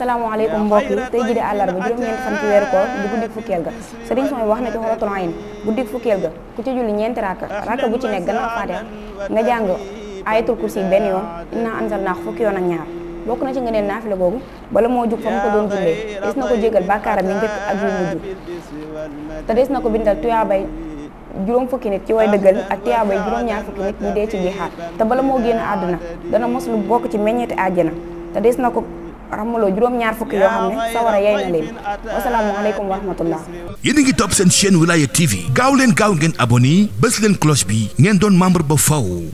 salaamaaleykum mbokk yi tey jii di àllarba juróom-ñeent fan ci weeru koor di guddik fukkeel ga sëriñ Sow wax na ci xorotul ayn guddik fukkeel ga ku ci julli ñeenti rakka rakka bu ci nekk gannaaw Faatiha nga jàng ayatul kursi benn yoon inna anzalnaa fukki yoon ak ñaar bokk na ci nga neen naafila googu bala moo jug fa ko doon jullee des na ko jégal bàkkaaram yi njëkk ak yu mujj te des na ko bindal tuyaabay juróom fukki nit ci way dëggal ak tuyaabay juróom-ñaar fukki nit te bala moo génn àdduna dana mos bokk ci meññeeti àjjana te des na ko ramuloo juróom-ñaar fukki yoo xam ne sawara yaay na leen wasalaamualeykum wa rahmatullah yéen a ngi topp seen chaîne wilaya tv gaaw leen gaaw ngeen abonné bés leen cloche bi ngeen doon membre ba faw